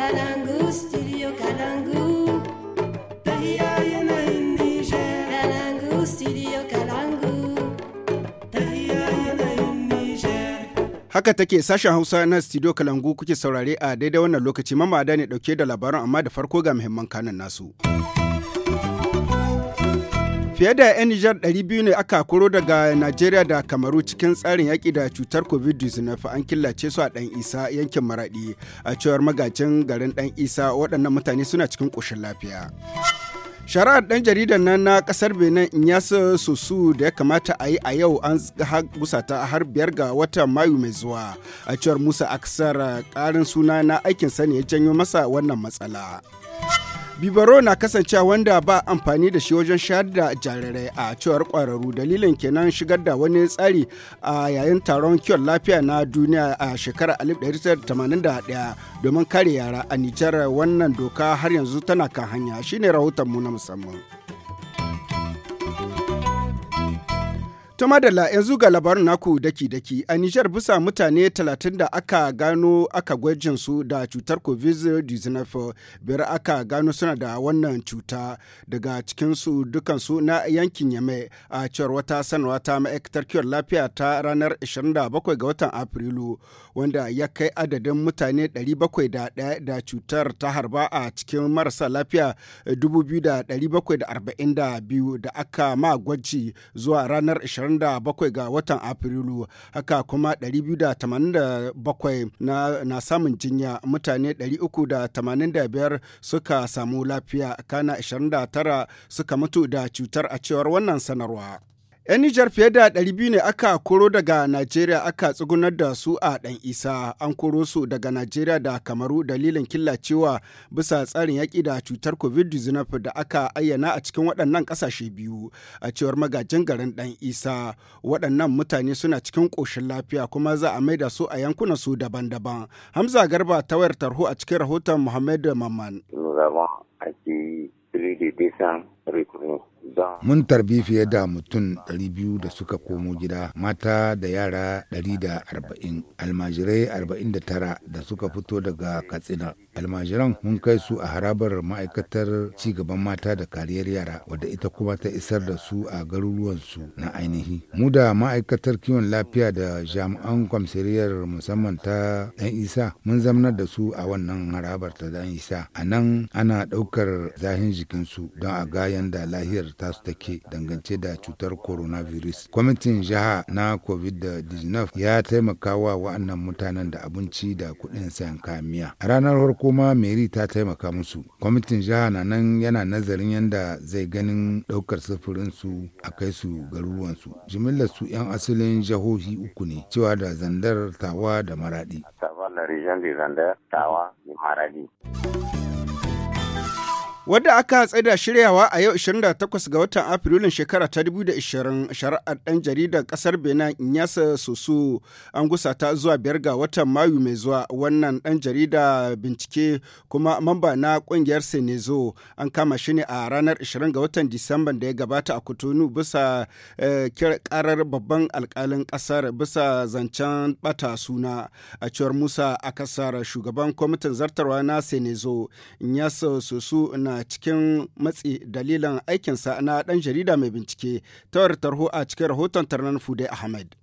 Kalangu, Haka take sashen Hausa na studio Kalangu kuke saurare a daidai wannan lokaci mamada ne dauke da labaran amma da farko ga muhimman kanan nasu. Fiye da 'yan Nijar 200 ne aka koro daga Najeriya da Kamaru cikin tsarin yaƙi da cutar COVID-19 an killace su a ɗan Isa yankin Maraɗi. A cewar magajin garin ɗan Isa waɗannan mutane suna cikin ƙoshin lafiya. shari'ar ɗan jaridar nan na ƙasar benin sa sosu da ya kamata a yi a yau an busata har biyar ga watan mayu mai zuwa a cewar musa aksar ƙarin suna na aikin sani ya janyo masa wannan matsala. bibaro na kasancewa wanda ba amfani da shi wajen shayar da jarirai a cewar kwararru dalilin kenan shigar da wani tsari a yayin taron kiwon lafiya na duniya a shekarar 1981 domin kare yara a nijar wannan doka har yanzu tana kan hanya shine rahoton mu na musamman To madalla yanzu ga labarin naku daki-daki a Nijar bisa mutane 30 da aka gano aka gwajin su da cutar COVID-19 biyar aka gano suna da wannan cuta daga cikinsu dukansu na yankin Yame a cewar wata sanarwa ta ma'aikatar kiwon lafiya ta ranar 27 ga watan Afrilu wanda ya kai adadin mutane 701 da cutar ta harba a cikin marasa lafiya 2742 da aka ma gwaji zuwa ranar 20 27 ga watan Afrilu. Haka kuma 287 na, na samun jinya mutane 385 suka samu lafiya kana 29 suka mutu da cutar a cewar wannan sanarwa. 'Yan Nijar fiye da ɗari biyu ne aka koro daga Najeriya aka tsugunar da su a ɗan isa an koro su daga Najeriya da Kamaru dalilin killacewa bisa tsarin yaƙi da cutar COVID-19 da aka ayyana a cikin waɗannan ƙasashe biyu a cewar magajin garin ɗan isa waɗannan mutane suna cikin ƙoshin lafiya kuma za a mai da su a yankunan su daban-daban. Hamza Garba ta wayar tarho a cikin rahoton Muhammad Maman. Mun tarbi fiye da mutum 200 da suka komo gida, mata da yara 140, almajirai 49 da suka fito daga Katsina. almajiran mun kai su a harabar ma'aikatar cigaban mata da kariyar yara wadda ita kuma ta isar da su a garuruwansu na ainihi mu da ma'aikatar kiwon lafiya da jami'an kwamsiriyar musamman ta dan isa mun zamnar da su a wannan harabar ta dan isa a nan ana ɗaukar zahin jikinsu don a ga da lahiyar tasu take dangance da cutar coronavirus kwamitin jiha na covid-19 ya taimaka wa wa'annan mutanen da abinci da kuɗin sayan kamiya a ranar farko kuma meri ta taimaka musu kwamitin jiha na nan yana nazarin yadda zai ganin ɗaukar sufurin su a kai su garuruwansu jimillar su 'yan asalin jihohi uku ne cewa da zandar tawa da maradi. Zandar, Tawa da Maradi. Wadda aka tsada shiryawa a yau 28 ga watan Afrilun shekara ta 2020 shari'ar ɗan jaridar ƙasar Benin Inyasa Soso an gusata zuwa biyar ga watan Mayu mai zuwa wannan ɗan jarida bincike kuma mamba na ƙungiyar Senezo an kama shi ne a ranar 20 ga watan Disamban da ya gabata a kutunu bisa eh, karar babban alkalin ƙasar bisa zancen bata suna a cewar Musa kasar shugaban kwamitin zartarwa na Senezo Inyasa Soso na cikin matsi dalilan aikinsa na ɗan jarida mai bincike tawar tarho a cikin rahoton tarnan Fude Ahmed.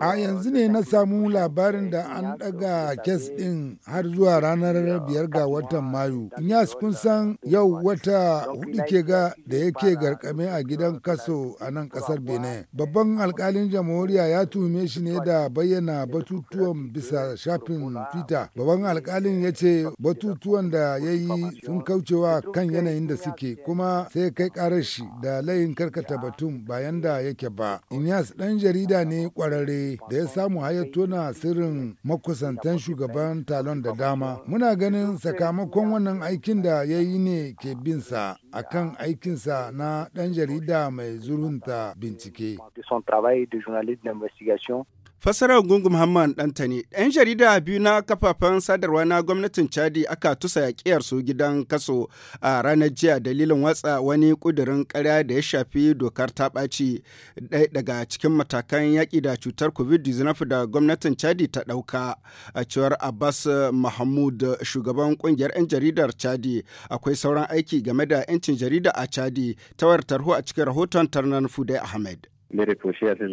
A yanzu ne na samu labarin da an ɗaga kes ɗin har zuwa ranar euh, biyar ga watan Mayu. Inyas kun san yau wata hudu ke ga da yake euh, garkame a gidan kaso a nan kasar Benin. Babban alkalin jamhuriya ya tuhume shi ne da bayyana batutuwan bisa shafin Twitter. Babban alkalin ya ce batutuwan da ya yi sun kaucewa kan yanayin da suke kuma sai kai karar shi da layin karkata batun bayan yanda yake ba. Inyas ɗan jarida ne ƙwararre da ya samu hayatto tona sirrin makusantan shugaban talon da dama. Muna ganin sakamakon wannan aikin da ya yi ne ke binsa a kan aikinsa na ɗan jarida mai zurunta bincike. Fasarar Gungu Muhammad ne ‘yan jarida biyu na kafafen sadarwa na gwamnatin Chadi aka tusa su gidan kaso a ranar jiya dalilin watsa wani ƙudurin ƙarya da ya shafi dokar taɓaci ɗaya daga cikin matakan yaƙi da cutar COVID-19 da gwamnatin Chadi ta ɗauka. A cewar Abbas Mahmud, shugaban ƙungiyar 'yan jaridar Chadi, akwai sauran aiki game da 'yancin jarida a Chadi, tawar tarho a cikin rahoton Tarnan Fudai Ahmed.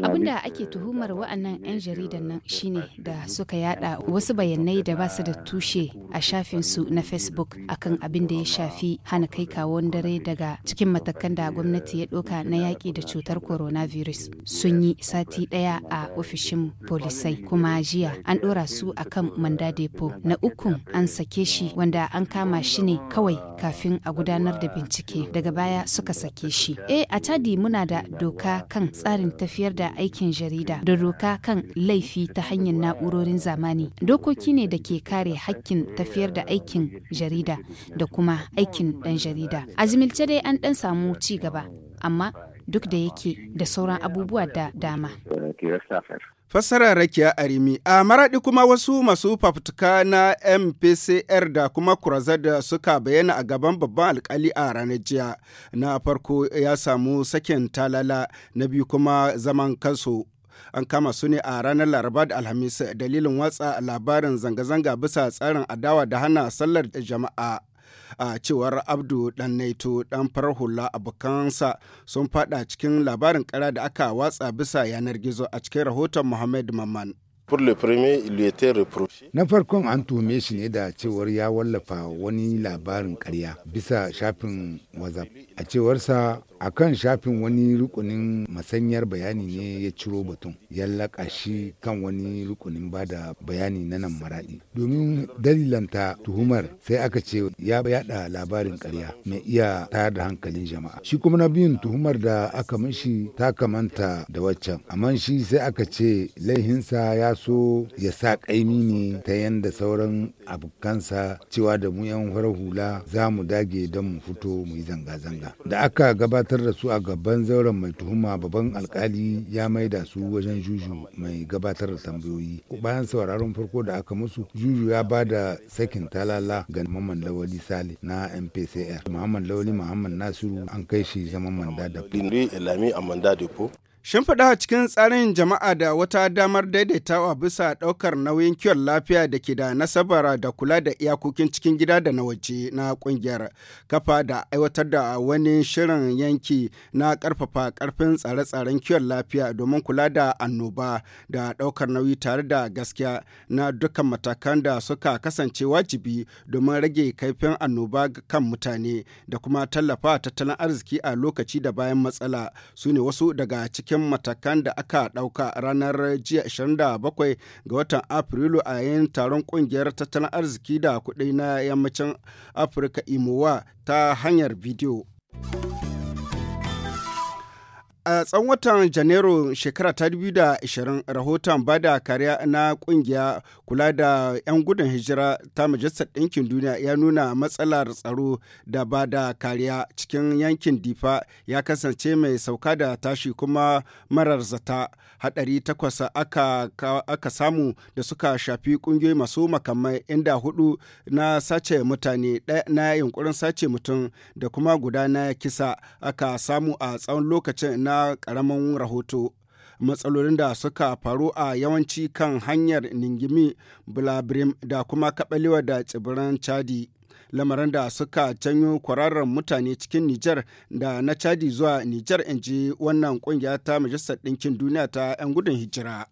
abinda ake tuhumar wa'annan 'yan jaridan nan shine da suka yada wasu bayanai da basu da tushe a shafin su na facebook akan abin da ya shafi hana kai kawon dare daga cikin matakan da gwamnati ya doka na yaki da cutar coronavirus sun yi sati daya a ofishin polisai kuma jiya an dora su akan manda depo na uku an sake shi wanda an kama shi ne kawai kafin a gudanar da bincike daga baya suka sake shi eh a tadi muna da doka kan tsarin tafiyar da aikin jarida da doka kan laifi ta hanyar na'urorin zamani dokoki ne da ke kare hakkin tafiyar da aikin jarida da kuma aikin ɗan jarida a dai an ɗan samu ci gaba amma duk da yake da sauran abubuwa da dama Fassara Rakiya Arimi a maraɗi kuma wasu masu fafutuka na MPCR da kuma kuraza da suka bayyana a gaban babban alkali a ranar jiya na farko ya samu sakin talala na biyu kuma zaman kansu an kama su ne a ranar laraba da alhamis dalilin watsa labarin zanga-zanga bisa tsarin adawa da hana sallar jama'a a cewar abdu dan naito dan farar hula abokansa sun fada cikin labarin kara da aka watsa bisa yanar gizo a cikin rahoton muhammad maman Na farkon an tuhume shi ne da cewar ya wallafa wani labarin karya bisa shafin WhatsApp. A cewarsa a kan shafin wani rukunin masanyar bayani ne ya ciro batun, ya laƙa shi kan wani rukunin ba da bayani na nan maraɗi. Domin dalilanta tuhumar sai aka ce ya yada labarin ƙarya mai iya tayar da hankalin jama'a. Shi kuma na biyun tuhumar da aka mishi ta kamanta da waccan, amma shi sai aka ce laihinsa ya so ya sa ƙaimi ne ta yanda sauran abokansa cewa da mu 'yan farar hula za mu dage don mu fito mu yi zanga-zanga. Da aka gabatar da su a gaban zauren mai tuhuma babban alkali ya maida su wajen juju mai gabatar da tambayoyi. Bayan sauraron farko da aka musu, juju ya ba da sakin talala ga Muhammad Lawali Sale na MPCR. Muhammad Lawali Muhammad Nasiru an kai shi zaman manda da. Shimfiɗa cikin tsarin jama'a da wata damar daidaitawa bisa ɗaukar nauyin kiwon lafiya da ke da nasabar da kula da iyakokin cikin gida da na waje na ƙungiyar kafa da aiwatar da wani shirin yanki na ƙarfafa ƙarfin tsare-tsaren kiwon lafiya domin kula da annoba da ɗaukar nauyi tare da gaskiya na dukkan matakan da suka kasance wajibi domin rage kaifin annoba kan mutane da kuma tallafa tattalin arziki a lokaci da bayan matsala su ne wasu daga cikin cikin matakan da aka ɗauka ranar jiya 27 ga watan Afrilu a yayin taron ƙungiyar tattalin arziki da kuɗi na yammacin Afirka Imowa ta hanyar bidiyo. A tsawon watan Janairu shekara ta 2020 rahoton bada kariya na kungiya kula da 'yan gudun hijira ta Majalisar Ɗinkin Duniya ya nuna matsalar tsaro da bada kariya cikin yankin Difa ya kasance mai sauka da tashi kuma marar zata. Haɗari takwas aka, samu da suka shafi kungiyoyi masu makamai inda hudu na sace mutane na yunkurin sace mutum da kuma guda na kisa aka samu a tsawon lokacin na karamin ƙaramin rahoto. matsalolin da suka faru a yawanci kan hanyar ningimi bulabrim da kuma kaɓalewa da tsibiran chadi lamarin da suka janyo kwararar mutane cikin Nijar da na Chadi zuwa Nijar in ji wannan kungiya ta Majalisar Ɗinkin Duniya ta 'yan gudun hijira.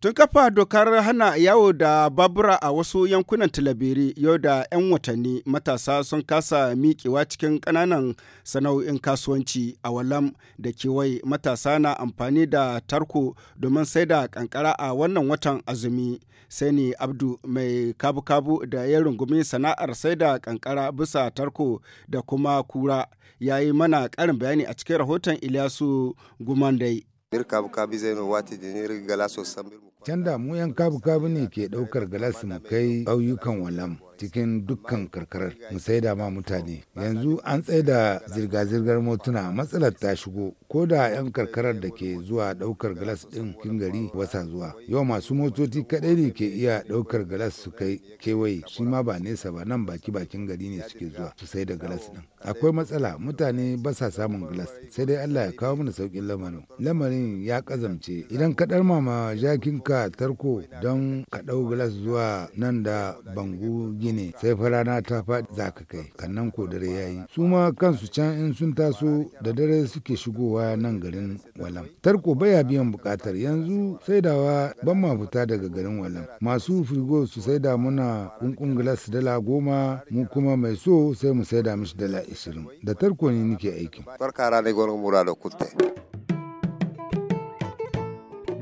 Tun kafa dokar hana yawo da babura a wasu yankunan talabiri yau da 'yan watanni matasa sun kasa miƙewa cikin ƙananan sana'o'in kasuwanci a walam da kewaye matasa na amfani da tarko domin sai da ƙanƙara a wannan watan azumi. Sai ne Abdu mai kabu-kabu da ya rungumi sana'ar sai da ƙanƙara bisa tarko da kuma kura ya yi mana ƙarin bayani a cikin rahoton Ilyasu Gumandai. nir kabu kabize no wati dinir galaso sambir Can da mu 'yan kabu-kabu ne ke ɗaukar galas mu kai ƙauyukan walam. cikin dukkan karkarar mu saida ma mutane yanzu an da zirga-zirgar motuna matsalar ta shigo ko da 'yan karkarar da ke zuwa daukar galas din kin gari wasa zuwa yau masu motoci kadai ne ke iya daukar galas su kai kewaye shi ma ba nesa ba nan baki bakin gari ne suke zuwa su sai da galas din akwai matsala mutane ba sa samun galas sai dai Allah ya kawo mana saukin lamarin lamarin ya kazamce idan ka mama jakin ka tarko don ka ɗau gilas zuwa nan da bangu gine sai farana ta faɗi za ka kai kannan ko dare ya yi su ma kansu can in sun taso da dare suke shigowa nan garin walam tarko baya biyan buƙatar yanzu saidawa ban ma fita daga garin walam masu firgo su saida muna kunkun gilas dala goma mu kuma mai so sai mu saida mishi dala ishirin da tarko ne nake aiki. Farkara mura da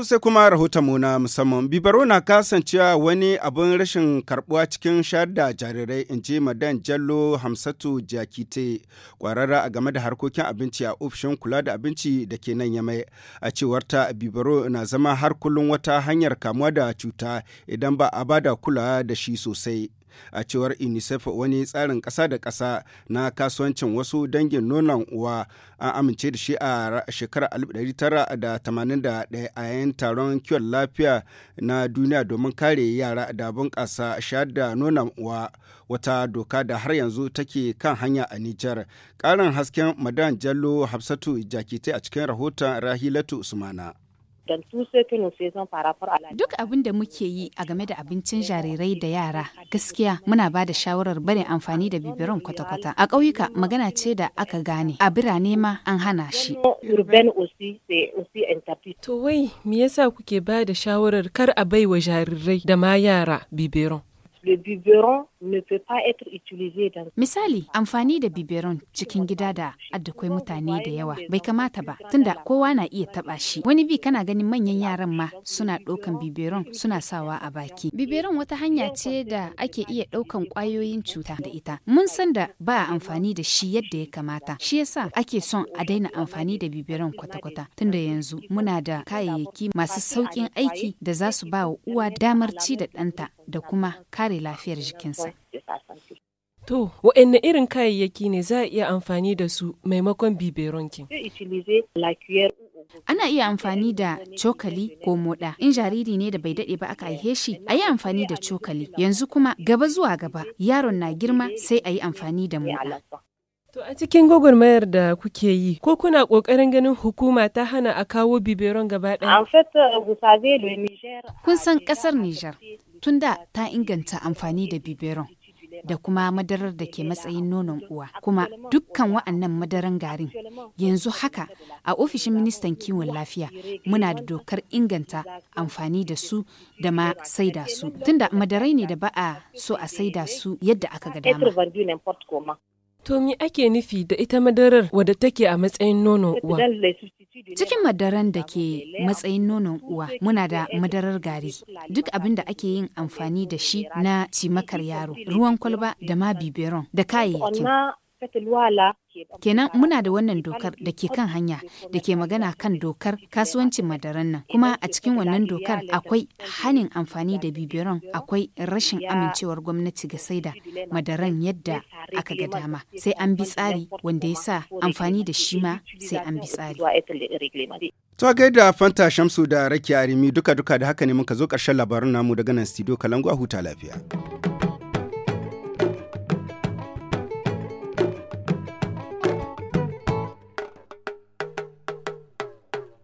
Sosai kuma rahoton mu na musamman. Bibaro na kasancewa wani abin rashin karbuwa cikin shayar da jarirai in ji Madan Jallo Hamsatu Jakite kwararra a game da harkokin abinci a ofishin kula da abinci da ke nan ya mai A cewar ta Bibaro na zama har kullum wata hanyar kamuwa da cuta idan ba a bada kula da shi sosai. a cewar unicef wani tsarin ƙasa da ƙasa na kasuwancin wasu dangin nonon uwa an amince da shi a shekarar 1981 a yayin taron kiwon lafiya na duniya domin kare yara da bunƙasa shayar da nonon uwa wata doka da har yanzu take kan hanya a Nijar. karin hasken Madan Jallo Hafsatu Jakite a cikin rahoton Rahilatu Usmana. Duk abin da muke yi a game da abincin jarirai da yara gaskiya muna ba da shawarar barin amfani da bibiran kwata-kwata. A ƙauyuka magana ce da aka gane a birane ma an hana shi. To wai me yasa kuke ba da shawarar kar a bai wa jarirai da ma yara bibiran? Le biberon Misali, amfani da biberon cikin gida da addakwai mutane da yawa bai kamata ba, tunda kowa na iya taba shi. Wani bi kana ganin manyan yaran ma suna ɗaukan biberon suna sawa a baki. Biberon wata hanya ce da ake iya ɗaukan ƙwayoyin cuta da ita. Mun san da ba a amfani da shi yadda ya kamata. Shi yasa ake son a daina amfani da biberon kwata-kwata, tunda yanzu muna da kayayyaki masu sauƙin aiki da za su ba wa uwa damar ci da ɗanta da kuma kare lafiyar jikinsa. To, waɗanne irin kayayyaki ne za a iya amfani da su maimakon biberonkin? Ana iya amfani da cokali ko moɗa. In jariri ne da bai daɗe ba aka haife shi, a yi amfani da cokali. Yanzu kuma gaba zuwa gaba, yaron na girma sai a yi amfani da moɗa. To a cikin gwagwarmayar da kuke yi, ko kuna ƙoƙarin ganin hukuma ta hana a kawo biberon gaba ɗaya? Euh, Kun san ƙasar Nijar Tun da ta inganta amfani da biberon da kuma madarar da ke matsayin nonon uwa. Kuma dukkan wa'annan madaran garin yanzu haka a ofishin ministan kiwon lafiya muna da dokar inganta amfani da su da ma saida su. Tunda madarai ne da ba a so a saida su yadda aka ga dama. To ake nufi da ita madarar wadda take a matsayin nonon uwa? Cikin madaran da ke matsayin nonon uwa muna da madarar gari duk abin da ake yin amfani da shi na cimakar yaro ruwan kwalba da ma biberon da kayayyakin. Kenan muna da wannan dokar da ke kan hanya da ke magana kan dokar kasuwancin madaran nan. Kuma a cikin wannan dokar akwai hanin amfani da bibiron akwai rashin amincewar gwamnati ga saida madaran yadda aka ga dama. Sai an bi tsari wanda ya sa amfani da shi ma sai an bi tsari. To gaida Fanta Shamsu da Rakiya Arimi duka-duka da haka ne muka zo ƙarshen labarin namu daga nan studio Kalangu a huta lafiya.